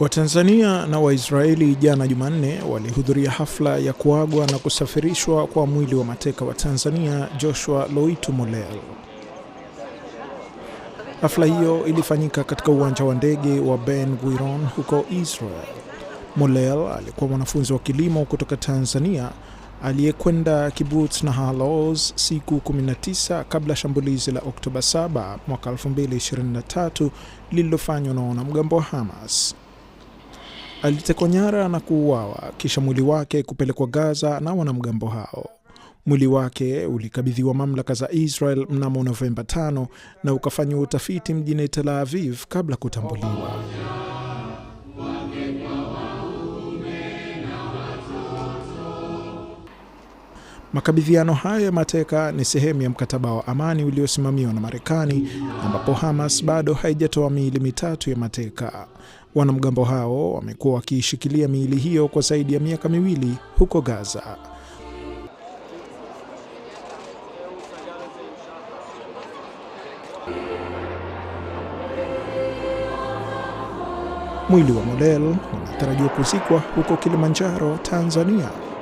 Watanzania na Waisraeli jana Jumanne walihudhuria hafla ya kuagwa na kusafirishwa kwa mwili wa mateka wa Tanzania Joshua Loitu molel Hafla hiyo ilifanyika katika uwanja wa ndege wa Ben Gurion huko Israel. molel alikuwa mwanafunzi wa kilimo kutoka Tanzania aliyekwenda Kibbutz Nahal Oz siku 19 kabla shambulizi la Oktoba 7 mwaka 2023 lililofanywa na wanamgambo wa Hamas alitekwa nyara na kuuawa, kisha mwili wake kupelekwa Gaza na wanamgambo hao. Mwili wake ulikabidhiwa mamlaka za Israel mnamo Novemba 5 na ukafanyiwa utafiti mjini Tel Aviv kabla kutambuliwa. Makabidhiano hayo ya mateka ni sehemu ya mkataba wa amani uliosimamiwa na Marekani ambapo Hamas bado haijatoa miili mitatu ya mateka. Wanamgambo hao wamekuwa wakiishikilia miili hiyo kwa zaidi ya miaka miwili huko Gaza. Mwili wa Model unatarajiwa kuzikwa huko Kilimanjaro, Tanzania.